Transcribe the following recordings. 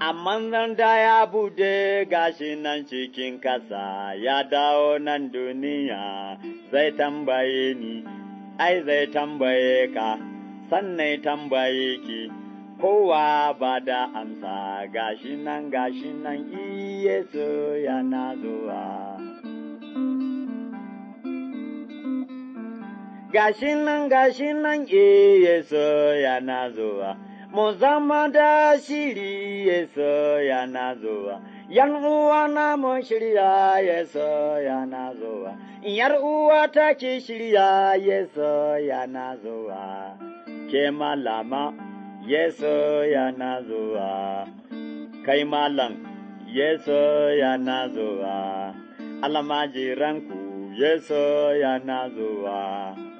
amma zanda ya bude gashi nan cikin kasa ya dawo nan duniya zai tambaye ni, ai zai tambaye ka, sannan tambaye ki, kowa ba da amsa gashi nan gashi nan iyesu yana zuwa. Gashi nan gashi nan iyesu yana zuwa. mu zama da shiri Yesu yana zuwa. Yan na mun shirya Yesu yana zuwa, yar ta ke shirya Yesu yana zuwa, ke malama Yesu yana zuwa, kai malam Yesu yana zuwa, almajiranku Yesu yana zuwa.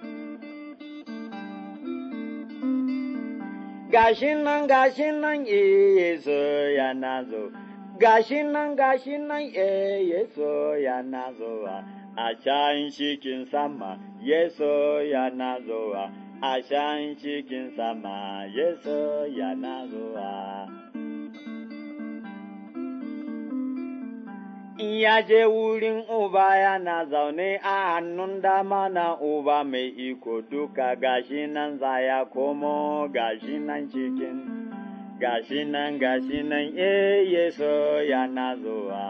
gashin nan gashin nan yeso yana zo gashin nan gashin nan yeso yana zowa a can sama yeso yana zowa a can sama yeso yana zowa in ya je wurin uba yana zaune a hannun dama na uba mai iko duka gashi nan zaya komo gashi nan cikin gashi nan gashi nan e eh, yeso yana zuwa.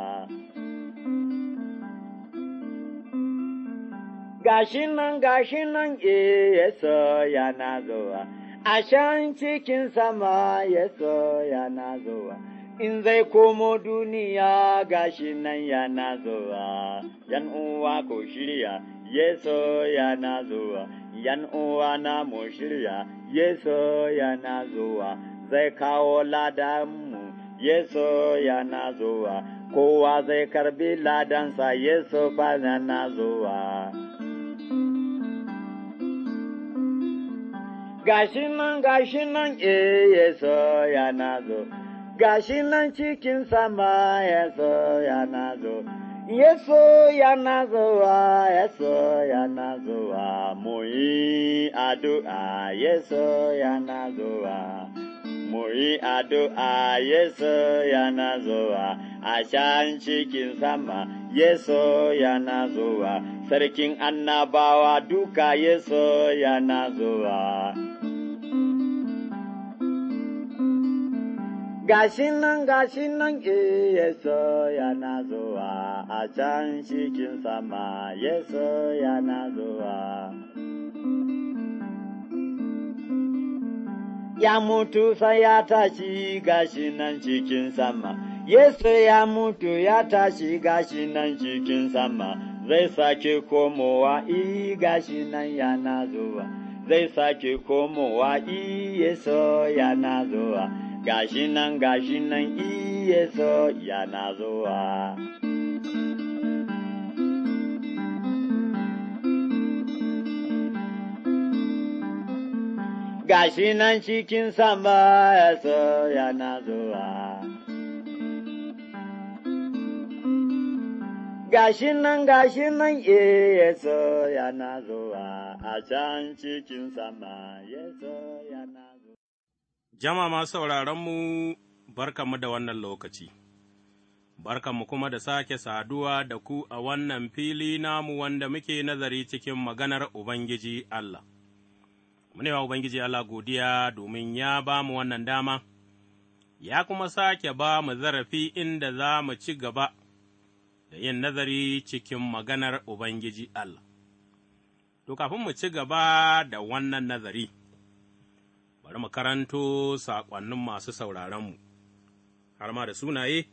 Gashi nan gashi nan e eh, yeso yana zuwa, a can cikin sama yeso yana zuwa. in zai komo duniya gashi nan yana zuwa, yan uwa ko shirya, Yeso yana zuwa, yan uwa na mu shirya, Yeso yana zuwa, zai kawo ladanmu, Yeso yana zuwa, kowa zai karbi ladansa, Yeso ba na zuwa. Gashi nan, gashi nan, eh, Yeso yana zuwa. Gashin nan cikin sama oh, ya so yana zo Yeso oh, yana zuwa, ah, Yeso oh, yana zuwa, ah, mu yi addu'a, ah, Yeso yana zuwa. Mu yi addu'a, Yeso yana zuwa, a can cikin sama, Yeso yana zuwa, sarkin annabawa duka Yeso yana zuwa. gashin nan gashin nan yeso yana zuwa a can cikin sama yeso yana zuwa ya mutu sai ya tashi gashin nan cikin sama yeso ya mutu ya tashi gashin nan cikin sama zai sake komowa i gashin nan yana zuwa zai sake komowa i yeso yana zuwa gashi nan gashi nan iye so yana zuwa. Gashi nan cikin sama ya so yana zuwa. Gashi nan gashi nan iye so yana zuwa a can cikin sama ya so yana Jama ma sauraronmu, barkanmu da wannan lokaci, barkanmu kuma da sake saduwa da ku a wannan fili namu wanda muke nazari cikin maganar Ubangiji Allah. Mune wa Ubangiji Allah godiya domin ya ba mu wannan dama, ya kuma sake ba mu zarafi inda za mu ci gaba da yin nazari cikin maganar Ubangiji Allah. To, kafin mu ci gaba da wannan nazari. bari mu karanto saƙonnin masu sauraronmu, har ma da sunaye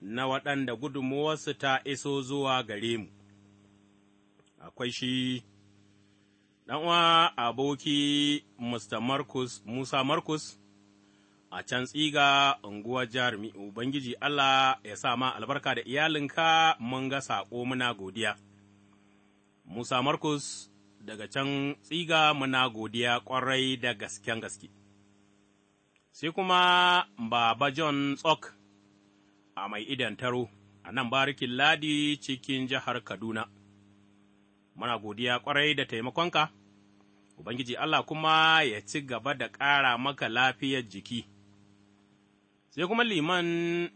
na waɗanda gudunmuwarsu ta iso zuwa gare mu. Akwai shi ɗan'uwa aboki Mr. Marcus, Musa Marcus a can tsiga unguwar jarumi, Ubangiji Allah ya sa ma albarka da iyalinka mun ga saƙo muna godiya. Musa Marcus daga can tsiga muna godiya ƙwarai da gasken gaske. Sai kuma Baba John Tsok a mai idan taro a nan barikin ladi cikin jihar Kaduna. Muna godiya kwarai da taimakonka, Ubangiji Allah kuma ya ci gaba da ƙara maka lafiyar jiki. Sai kuma liman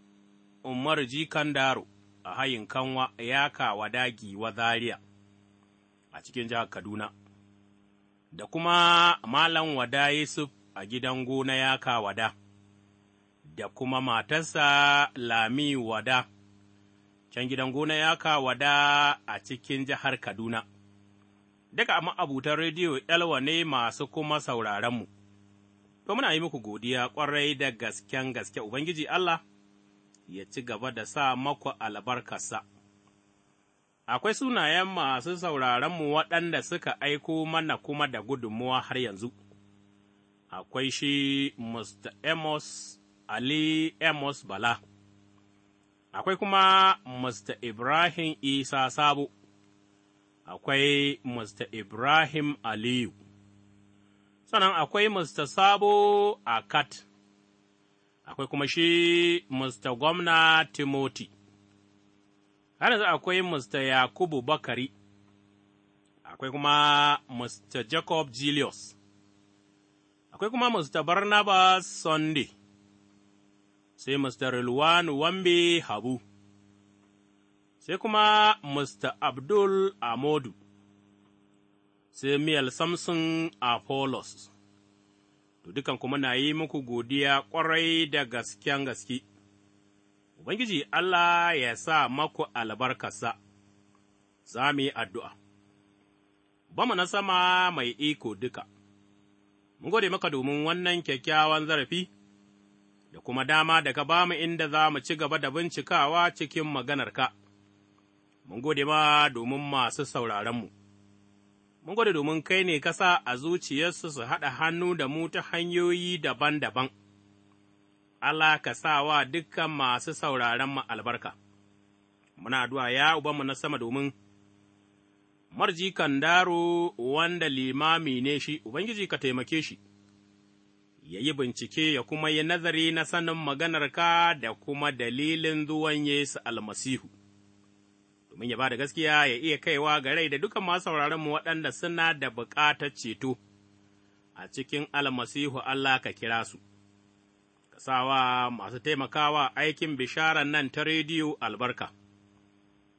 Umar Jikandaro a hayin kanwa ya kawa dagi wa Zaria. a cikin jihar Kaduna, da kuma Malam Wada Yusuf a gidan gona yaka wada, da kuma matarsa Lami Wada, can gidan gona yaka wada a cikin jihar Kaduna. Duka ma'abutan rediyo Elwa ne masu kuma sauraronmu, to muna yi muku godiya ƙwarai da gasken gaske Ubangiji Allah ya ci gaba da sa maku albarkarsa. akwai sunayen masu sauraronmu waɗanda suka aiko mana kuma da gudunmuwa har yanzu, akwai shi Mr. Amos Ali Amos Bala, akwai kuma Mr. Ibrahim Isa Sabo, akwai Mr. Ibrahim Aliyu, sannan akwai Mr. Sabo Akat, akwai kuma shi Mr. Gwamna Timothy. har yanzu akwai Mr. Yakubu Bakari, akwai kuma Mr. Jacob Julius, akwai kuma Mr. Barnabas Sunday, sai Mr. Rilwan Wambe Habu, sai kuma Mr. Abdul Amodu, sai Miel Samson Apollos. To, dukan kuma na yi muku godiya kwarai da gasken gaske. Ubangiji Allah ya sa maku albarkasa, za mu yi addu'a. mu na sama mai iko duka, mun gode maka domin wannan kyakkyawan zarafi da kuma dama daga ba mu inda za mu ci gaba da bincikawa cikin maganarka. Mun gode ma domin masu sauraronmu. Mun gode domin kai ne kasa a zuciyarsu su haɗa hannu da mu ta hanyoyi daban-daban. Allah ka sa wa dukkan masu sauraron mu albarka. Muna addu'a ya mu na sama domin marji daro wanda limami ne shi, Ubangiji ka taimake shi, ya yi bincike ya kuma yi nazari na sanin maganarka da kuma dalilin zuwan Yesu almasihu, domin ya ba da gaskiya ya iya kaiwa ga rai da dukan masu mu waɗanda suna da buƙatar ceto, a cikin almasihu Allah ka kira su. sawa masu taimakawa aikin bisharar nan ta rediyo albarka.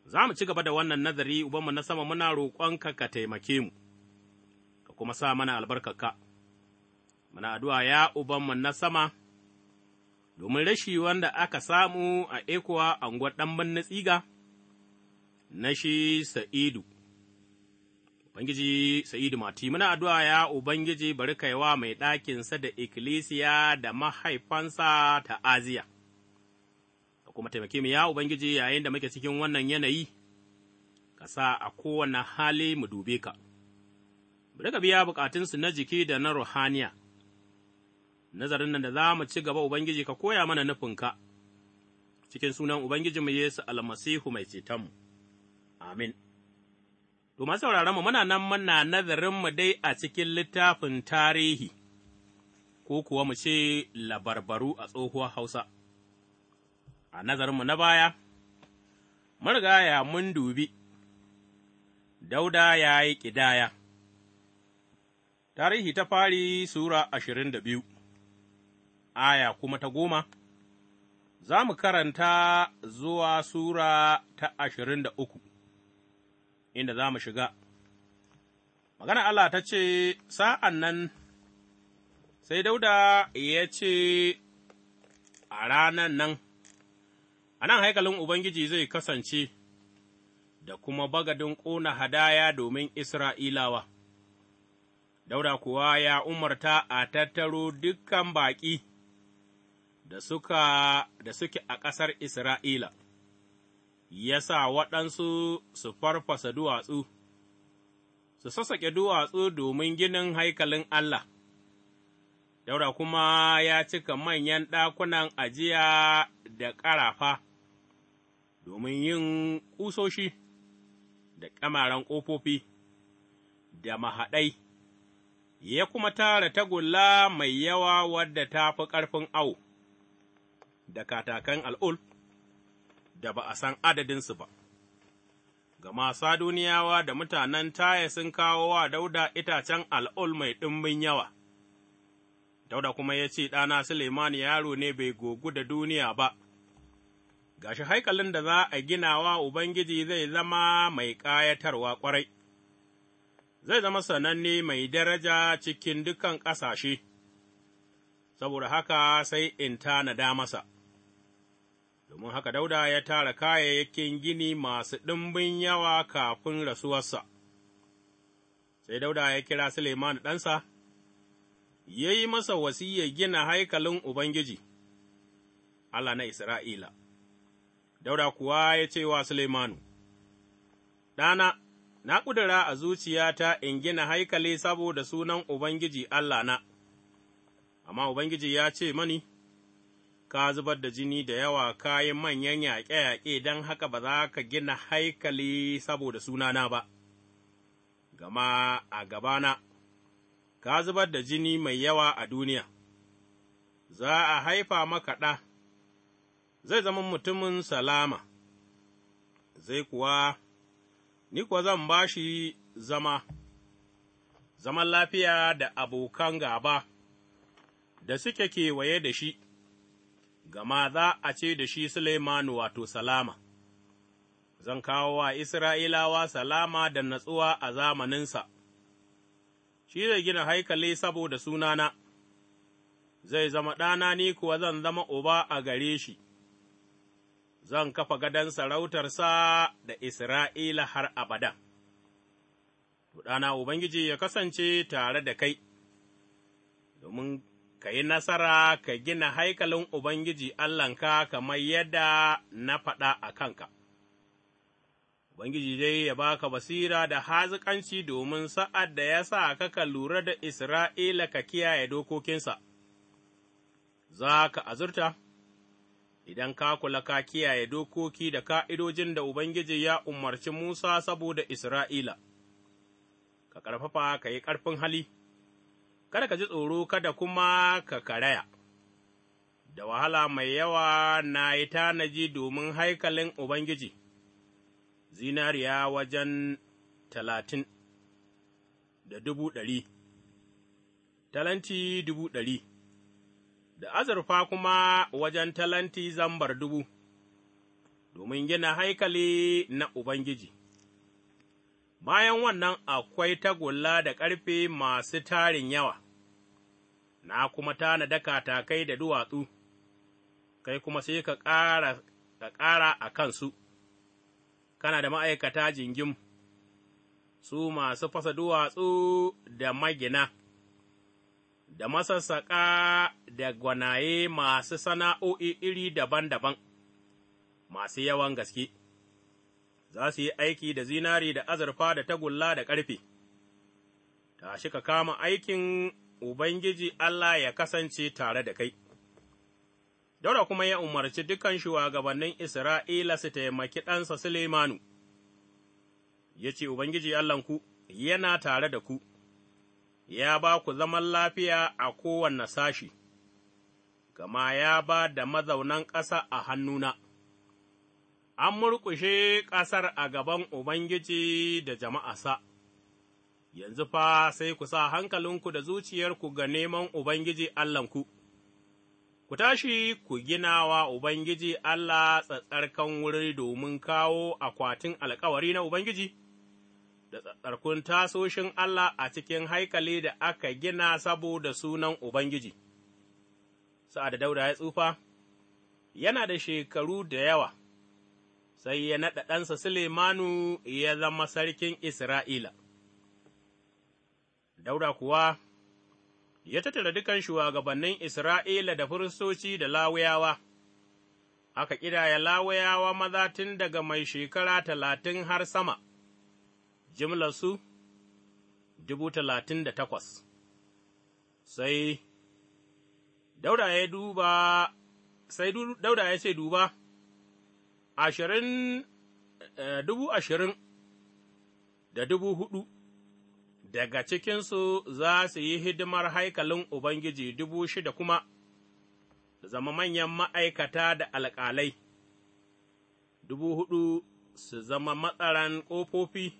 Za mu ci gaba da wannan nazari ubanmu na sama muna roƙonka ka taimake mu, ka kuma sa mana albarka ka Muna addu'a ya ubanmu na sama, domin rashi wanda aka samu a ekuwa anguwar ɗan tsiga na shi Sa'idu. Ubangiji Sa'idu Mati, muna addu'a ya Ubangiji bari kaiwa mai ɗakinsa da ikkilisiya da mahaifansa ta Aziya, ka kuma taimake mu ya Ubangiji yayin da muke cikin wannan yanayi, ka sa a kowane hali mu dube ka, bari ka biya bukatunsu na jiki da na ruhaniya, nazarin nan da za mu ci gaba Ubangiji ka koya mana nufinka, cikin sunan Ubangijinmu Yesu almasihu mai cetonmu. Amin. to sauraron mu muna nan muna nazarin mu dai a cikin littafin tarihi, ko kuwa mu ce labarbaru a tsohuwar Hausa. A nazarinmu na baya, marigaya mun dubi, dauda ya yi ƙidaya. Tarihi ta fari Sura ashirin da biyu, aya kuma ta goma, za mu karanta zuwa Sura ta ashirin da uku. inda za mu shiga. Magana Allah ta ce, Sa'an nan, sai Dauda ya ce a ranan nan, a nan haikalin Ubangiji zai kasance da kuma bagadin ƙona hadaya domin Isra'ilawa. Dauda kuwa ya umarta a tattaro dukkan baƙi da suke a ƙasar Isra'ila. ya sa waɗansu su farfasa duwatsu, su sassaƙe duwatsu domin ginin haikalin Allah. Daura kuma ya cika manyan ɗakunan ajiya da ƙarafa, domin yin ƙusoshi da ƙamaren ƙofofi da mahaɗai, ya kuma tara tagulla mai yawa wadda ta fi ƙarfin awo, da katakan al'ul. da ba a san adadinsu ba. Gama saduniyawa da mutanen Taya sun kawo wa Dauda itacen al'ul mai ɗimbin yawa, Dauda kuma ya ce ɗana Suleiman yaro ne bai gogu da duniya ba, gashi haikalin da za a gina wa Ubangiji zai zama mai ƙayatarwa ƙwarai, zai zama sananne mai daraja cikin dukan ƙasashe, saboda haka sai in tanada masa. domin haka Dauda ya tara kayayyakin gini masu ɗimbin yawa kafin rasuwarsa. Sai Dauda ya kira Suleiman ɗansa, ya yi masa ya gina haikalin Ubangiji, Allah na Isra'ila. Dauda kuwa ya ce wa Suleimanu, Ɗana, na ƙudura a zuciyata in gina haikali saboda sunan Ubangiji Allah na, amma Ubangiji ya ce mani, ka zubar da jini da yawa ka yi manyan yaƙe-yaƙe don haka ba za ka gina haikali saboda sunana ba, gama a gabana, ka zubar da jini mai yawa a duniya, za a haifa maka ɗa, zai zama mutumin salama, zai kuwa, ni kuwa zan ba shi zama, zaman lafiya da abokan gaba da suke kewaye da shi. gama za a ce da shi Suleimanu wato salama, zan kawo wa Isra'ilawa salama da natsuwa a zamaninsa, shi zai gina haikali saboda sunana, zai zama ɗana ni kuwa zan zama uba a gare shi, zan kafa gadon sarautarsa da Isra'ila har abada. Ɗana Ubangiji ya kasance tare da kai, domin ka yi nasara ka gina haikalin Ubangiji Allahnka kamar yadda na faɗa a kanka. Ubangiji dai ya baka basira da haziƙanci domin sa'ad da ya sa ka lura da Isra'ila ka kiyaye dokokinsa, za ka azurta, idan ka kula ka kiyaye dokoki da ka'idojin da Ubangiji ya umarci Musa saboda Isra'ila, ka ƙarfafa ka yi ƙarfin hali. kada ka ji tsoro kada kuma ka karaya. Da wahala mai yawa na yi tanaji domin haikalin Ubangiji, zinariya wajen talatin da dubu ɗari, talanti dubu ɗari, da azurfa kuma wajen talanti zambar dubu, domin gina haikali na Ubangiji. bayan wannan akwai tagulla da ƙarfe masu tarin yawa, na kuma da katakai da duwatsu, kai kuma sai ka ƙara ka ƙara a kansu, kana da ma'aikata jingim, su masu fasa duwatsu da magina, da masassaƙa da gwanaye masu sana'o'i iri daban-daban, masu yawan gaske, za su yi aiki da zinari da azurfa da tagulla da ƙarfe, tashi ka kama aikin Ubangiji Allah ya kasance tare da kai. Dauda kuma ya umarci dukan shugabannin Isra'ila su taimaki ɗansa Suleimanu, ya ce, Ubangiji Allahnku yana tare da ku, ya ba ku zaman lafiya a kowane sashi, gama ya ba da mazaunan ƙasa a hannuna, an murƙushe ƙasar a gaban Ubangiji da jama'a sa. yanzu fa sai ku sa hankalinku da zuciyarku ga neman Ubangiji Allahnku, ku tashi ku gina wa Ubangiji Allah tsattsarkan wuri domin kawo akwatin alkawari na Ubangiji, da tsattsarkun tasoshin Allah a cikin haikali da aka gina saboda sunan Ubangiji. Sa'ad da Dauda ya tsufa, yana da shekaru da yawa, sai ya naɗa ɗansa Suleimanu ya zama sarkin Isra'ila. Dauda kuwa ya tattara dukan shugabannin Isra'ila da firistoci da lawuyawa aka ƙidaya lawuyawa maza tun daga mai shekara talatin har sama, jimlarsu dubu talatin da takwas. Sai Dauda ya duba, sai Dauda ya ce duba, ashirin, eh, dubu ashirin da dubu hudu. daga cikinsu za su yi hidimar haikalin Ubangiji dubu shida kuma, zama manyan ma'aikata da alƙalai, dubu huɗu su zama matsaran ƙofofi,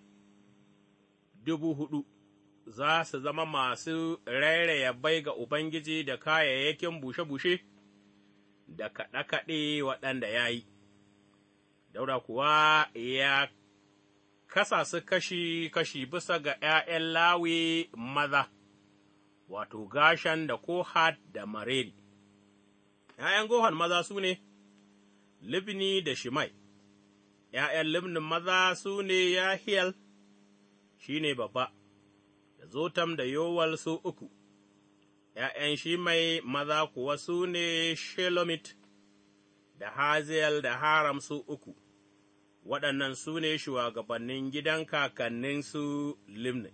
dubu huɗu za su zama masu rairaya bai ga Ubangiji da kayayyakin bushe-bushe da kaɗe-kaɗe waɗanda ya yi. Daura kuwa ya kasa su kashi-kashi bisa ga ’ya'yan lawe maza, wato gashan da Kohat da Mareri. ’Ya'yan Gohan maza su ne, Libni da Shimai, ’ya'yan Libnin maza su ne Yahiyal, shi ne babba, da Zotam da Yowal su uku, ’ya'yan Shimai maza kuwa su ne Shelomit da Hazel da Haram su uku. waɗannan su ne shugabannin gidan kakanninsu Limni,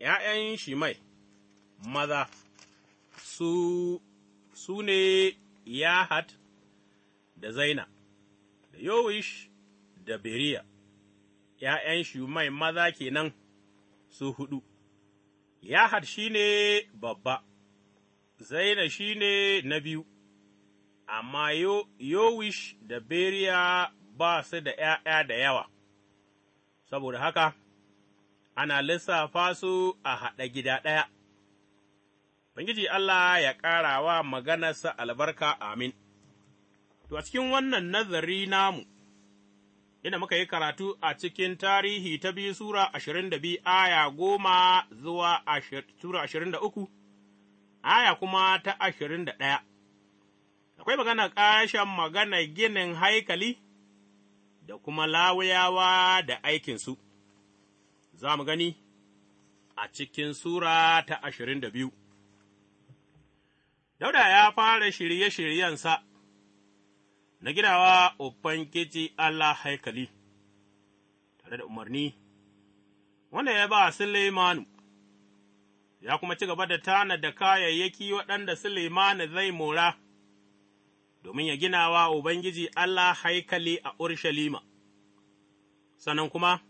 ’ya'yan mai maza, su, su ne Yahat da Zaina, da Yowish da Beriya, ’ya'yan mai maza kenan su huɗu, Yahat shi ne babba, Zaina shi ne na biyu. amma Yowish da Beriya ba su da ’ya'ya da yawa, saboda haka ana lissafa su a haɗa gida ɗaya. Bangiji Allah ya ƙara wa maganarsa albarka amin. To, a cikin wannan nazari namu, inda muka yi karatu a cikin tarihi ta biyu Sura ashirin da biyu aya goma zuwa Sura ashirin da uku, aya kuma ta ashirin da ɗaya. Akwai magana ƙashen magana ginin haikali da kuma lawuyawa da aikinsu, za mu gani a cikin Sura ta ashirin da biyu. Dauda ya fara shirye-shiryensa na gidawa Ubangiji Allah haikali, tare da umarni, wanda ya ba Suleimanu, ya kuma ci gaba da tana da kayayyaki waɗanda Suleimanu zai mora. domin ya gina wa Ubangiji Allah haikali a Urshalima. Sannan kuma,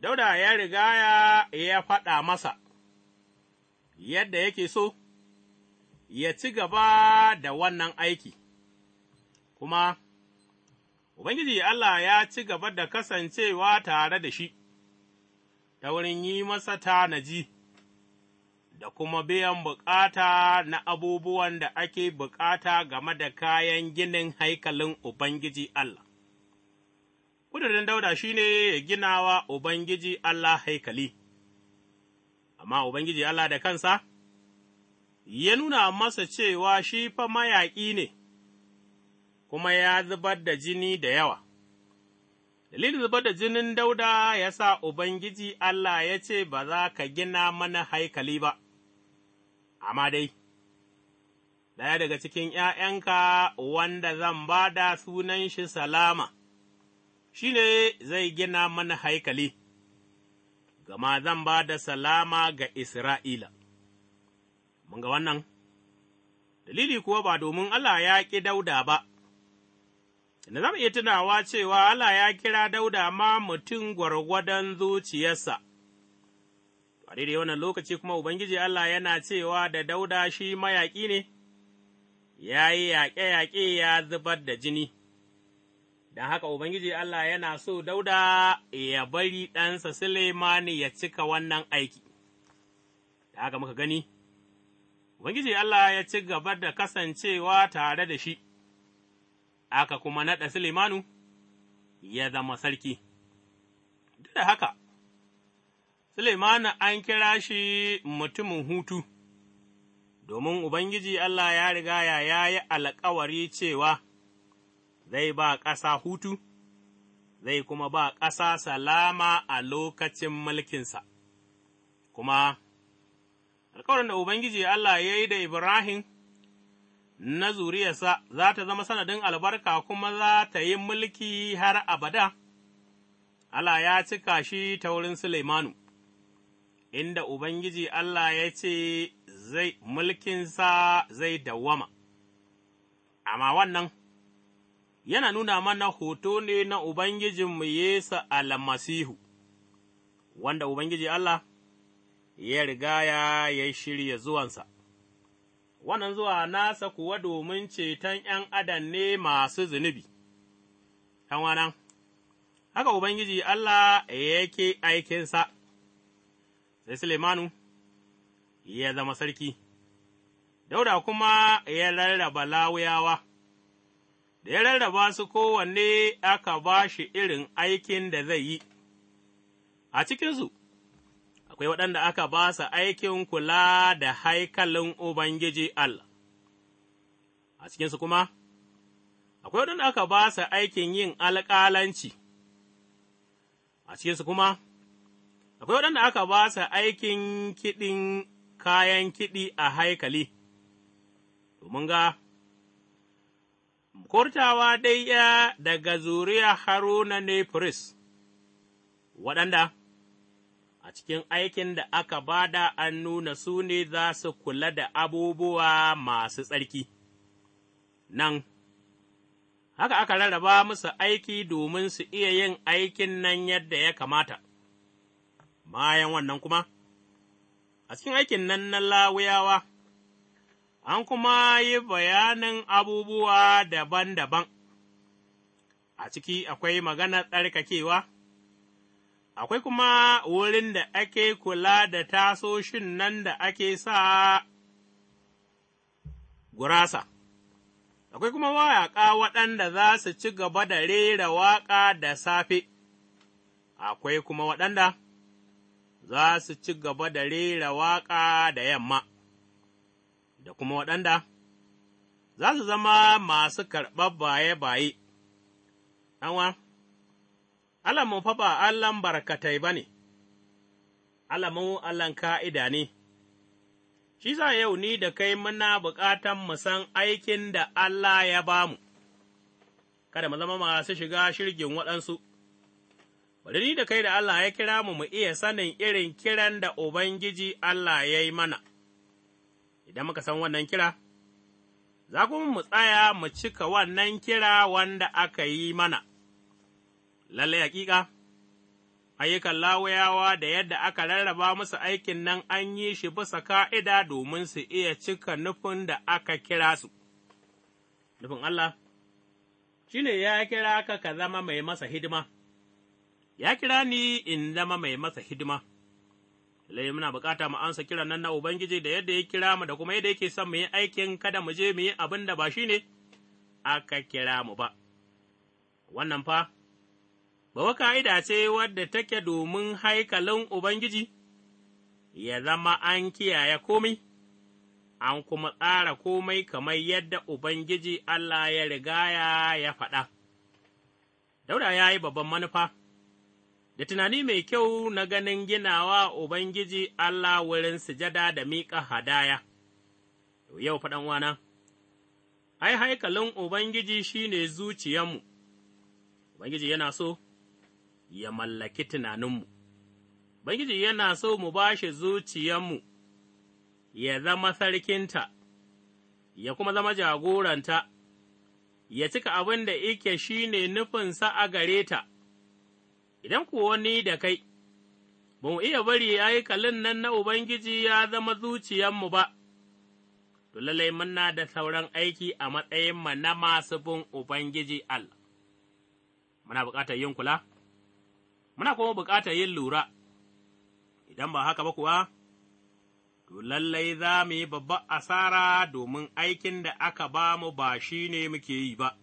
Dauda ya riga ya faɗa masa yadda yake so, ya ci gaba da wannan aiki, kuma Ubangiji Allah ya ci gaba da kasancewa tare da shi, ta wurin yi masa tanaji. da kuma biyan bukata na abubuwan da ake bukata game da kayan ginin haikalin Ubangiji Allah. Ƙudurin dauda shi ne ya ginawa Ubangiji Allah haikali, amma Ubangiji Allah da kansa ya nuna masa cewa shi fa mayaƙi ne, kuma ya zubar da jini da yawa. Dalilin zubar da jinin dauda ya sa Ubangiji Allah ya ce, Ba za ka gina mana haikali ba, amma dai, ɗaya daga cikin ’ya'yanka wanda zan ba da sunan shi salama, shi ne zai gina mana haikali, gama zan ba da salama ga Isra'ila. Mun ga wannan, dalili kuwa ba domin Allah ya ƙi dauda ba. Na zama iya tunawa cewa Allah ya kira dauda ma mutum gwargwadon zuciyarsa. A daidai wannan lokaci kuma Ubangiji Allah yana cewa da dauda shi mayaƙi ne, ya yi yaƙe-yaƙe ya zubar da jini, don haka Ubangiji Allah yana so dauda ya bari ɗansa Suleimani ya cika wannan aiki. Da haka muka gani, Ubangiji Allah ya ci gaba da kasancewa tare da shi, aka kuma naɗa Suleimanu ya zama sarki. Duk da haka, Suleimanu an kira shi mutumin hutu, domin Ubangiji Allah ya riga ya yi alkawari cewa zai ba ƙasa hutu, zai kuma ba ƙasa salama a lokacin mulkinsa, kuma alkawarin da Ubangiji Allah ya yi da Ibrahim na zuriyarsa za ta zama sanadin albarka kuma za ta yi mulki har abada, Allah ya cika shi ta wurin Suleimanu. inda Ubangiji Allah ya ce zai mulkinsa zai dawwama. Amma wannan yana nuna mana hoto ne na Ubangijinmu Yesu almasihu, wanda Ubangiji Allah ya riga ya yi shirya zuwansa. Wannan zuwa nasa kuwa domin ceton ’yan adam ne masu zunubi, ’yan haka Ubangiji Allah yake aikinsa. sai Sulemanu ya zama sarki, Dauda kuma ya rarraba lawuyawa, da ya rarraba su kowanne aka ba shi irin aikin da zai yi, a cikinsu. akwai waɗanda aka ba su aikin kula da haikalin Ubangiji Allah, a cikinsu kuma, akwai waɗanda aka ba su aikin yin alƙalanci, a cikinsu kuma, akwai waɗanda aka ba su aikin kiɗin kayan kiɗi a haikali, domin ga, Kurtawa dai ya daga zuriya Haruna ne Firis, waɗanda a cikin aikin da aka ba da an nuna su ne za su kula da abubuwa masu tsarki. Nan, haka aka rarraba musu aiki domin su iya yin aikin nan yadda ya kamata. bayan wannan kuma, a cikin aikin nan na lawuyawa, an kuma yi bayanin abubuwa daban-daban, a ciki akwai maganar tsarkakewa, akwai kuma wurin da ake kula da tasoshin nan da ake sa gurasa. akwai kuma wayaƙa waɗanda za su ci gaba da rera waƙa da safe, akwai kuma waɗanda za su ci gaba da rera waƙa da yamma, da kuma waɗanda za su zama masu karɓar baye-baye, ɗanwa, Allahnmu fa ba Allahn barkatai ba ne, Allahnmu Allahn ka'ida ne, shi sa yau ni da kai muna buƙatan mu san aikin da Allah ya ba mu, kada mu zama masu shiga shirgin waɗansu. bari ni da kai da Allah ya kira mu mu iya sanin irin kiran da Ubangiji Allah ya yi mana, idan muka san wannan kira, za kuma mu tsaya mu cika wannan kira wanda aka yi mana, lalle hakika, ayyukan lawuyawa da yadda aka rarraba musu aikin nan an yi shi bisa ka'ida domin su iya cika nufin da aka kira su, nufin Allah. Shi ne ya kira ka ka zama mai masa hidima. ya kira ni in zama mai masa hidima. Lai muna bukata mu ansa kiran nan na Ubangiji da yadda ya kira mu da kuma yadda yake son mu yi aikin kada mu je mu yi abin da ba shi ne aka kira mu ba. Wannan fa, bawa ka'ida ce wadda take domin haikalin Ubangiji, ya zama an kiyaye komai, an kuma tsara komai kamar yadda Ubangiji Allah ya rigaya ya faɗa. Dauda ya yi babban manufa. da tunani mai kyau na ganin ginawa Ubangiji Allah wurin sujada da miƙa hadaya. Yau faɗan wana, ai, haikalin Ubangiji shi ne zuciyanmu, Ubangiji yana so ya mallaki tunaninmu, Ubangiji yana so mu ba shi zuciyanmu ya zama sarkinta, ya kuma zama jagoranta, ya cika abin da ike shi ne nufinsa a gare ta. idan kuwa ni da kai, ba mu iya bari aikalin nan na Ubangiji ya zama zuciyanmu ba, to lallai muna da sauran aiki a matsayinmu na masu bin Ubangiji Allah. Muna bukatar yin kula, muna kuma bukatar yin lura, idan ba haka ba kuwa, to lallai za mu yi babban asara domin aikin da aka ba mu ba shi ne muke yi ba.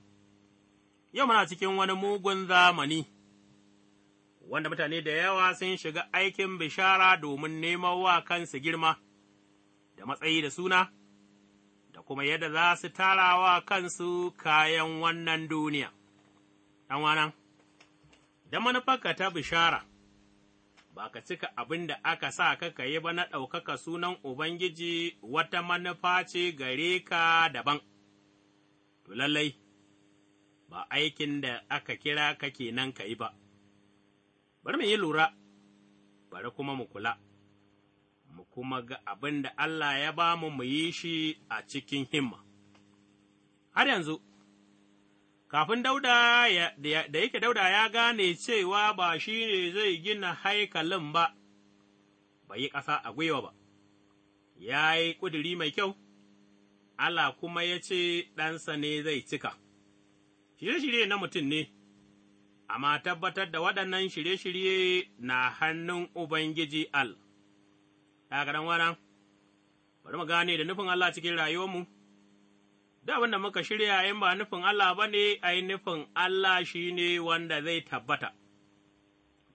Yau muna cikin wani mugun zamani. wanda mutane da yawa sun shiga aikin bishara domin neman wa kansu girma, da matsayi da suna, da kuma yadda za su tara wa kansu kayan wannan duniya. ɗanwana, da manufarka ta bishara, ba ka cika abin da aka sa ka yi ba na ɗaukaka sunan Ubangiji wata manufa ce gare ka daban, to lallai, ba aikin da aka kira ka kenan ka yi ba. bari mu yi lura, bari kuma mu kula, mu kuma ga abin da Allah ya ba mu mu yi shi a cikin himma. Har yanzu, kafin dauda da yake dauda ya gane cewa ba shi ne zai gina haikalin ba, bai yi ƙasa a gwiwa ba, ya yi ƙuduri mai kyau, Allah kuma ya ce ɗansa ne zai cika, shirye-shirye na mutum ne. amma tabbatar da waɗannan shirye-shirye na hannun Ubangiji Al. Ɗagaran wana, bari mu gane da nufin Allah cikin rayuwarmu, da wanda muka shirya in ba nufin Allah ba ne, ai nufin Allah shi ne wanda zai tabbata.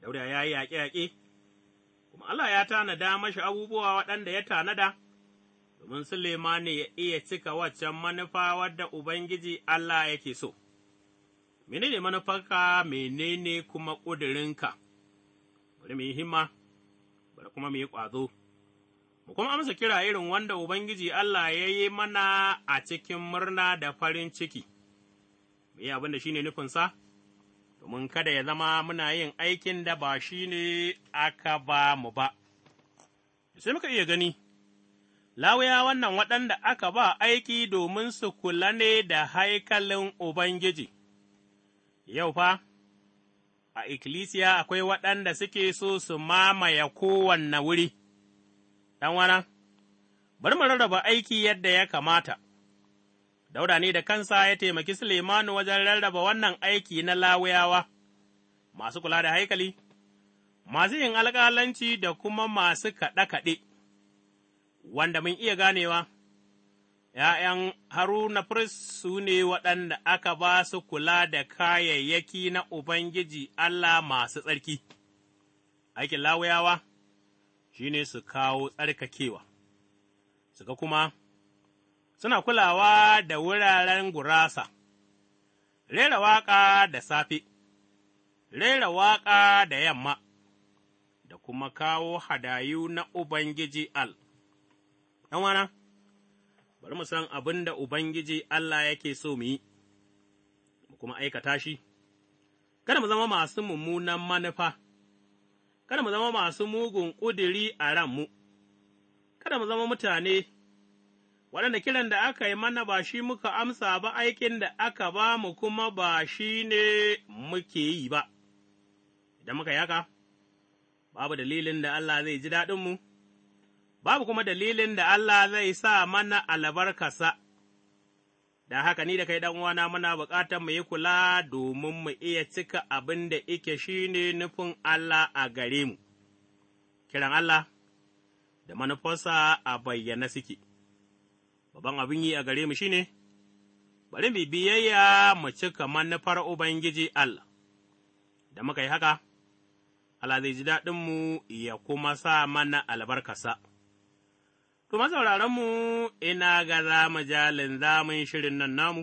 Dauda ya yi yaƙe-yaƙe, kuma Allah ya tanada mashi abubuwa waɗanda ya tanada, domin Sulemani ya iya cika waccan manufa wadda Ubangiji Allah yake so. menene manufarka menene kuma ƙudurinka, bari mu yi himma, bari kuma mu yi ƙwazo, mu kuma amsa kira irin wanda Ubangiji Allah ya yi mana a cikin murna da farin ciki, mu yi abin da shi ne nufinsa, domin kada ya zama muna yin aikin da ba shi ne aka ba mu ba. Sai muka iya gani, Lawuya wannan waɗanda aka ba aiki domin su kula ne da haikalin Ubangiji. yau fa, a ikkilisiya akwai waɗanda suke so su mamaye kowanne wuri, ɗan wana, bari mu rarraba aiki yadda ya kamata. Dauda ne da kansa ya taimaki Suleimanu wajen rarraba wannan aiki na lawuyawa, masu kula da haikali, masu yin alƙalanci da kuma masu kaɗe-kaɗe, wanda mun iya ganewa. ’ya'yan Haruna firist su ne waɗanda aka ba su kula da kayayyaki na Ubangiji Allah masu tsarki, aikin lawuyawa shi ne su kawo tsarkakewa, suka kuma suna kulawa da wuraren gurasa, rera waƙa da safe, rera waƙa da yamma, da kuma kawo hadayu na Ubangiji Al. ’Yan bari mu san abin da Ubangiji Allah yake so mu yi, mu kuma aikata shi, kada mu zama masu mummunan manufa, kada mu zama masu mugun ƙudiri a ranmu, kada mu zama mutane waɗanda kiran da aka yi mana ba shi muka amsa ba aikin da aka ba mu kuma ba shi ne muke yi ba, idan muka yaka, babu dalilin da Allah zai ji daɗinmu. mu. babu kuma dalilin da Allah zai sa mana albarkasa. Da haka ni da kai uwana muna bukatar mu yi kula domin mu iya cika abin da ike shi ne nufin Allah a gare mu, kiran Allah da manufarsa a bayyana suke. Babban abin yi a gare mu shi ne, bari mu biyayya mu cika manufar Ubangiji Allah, da muka yi haka, Allah zai ji daɗinmu ya kuma sa mana albarkasa. Kuma sauraronmu ina ga za mu jalin zamun shirin nan namu,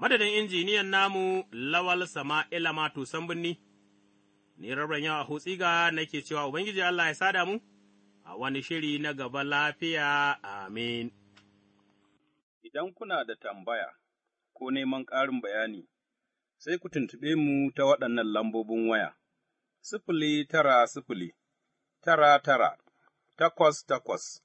madadin injiniyan namu Lawal Sama'ila Mato Sambunni, ni rabin yawa hutsiga nake cewa Ubangiji Allah ya sada mu a wani shiri na gaba lafiya, amin. Idan kuna da tambaya ko neman ƙarin bayani, sai ku tuntuɓe mu ta waɗannan lambobin waya, sifili tara sifili, tara tara, takwas takwas.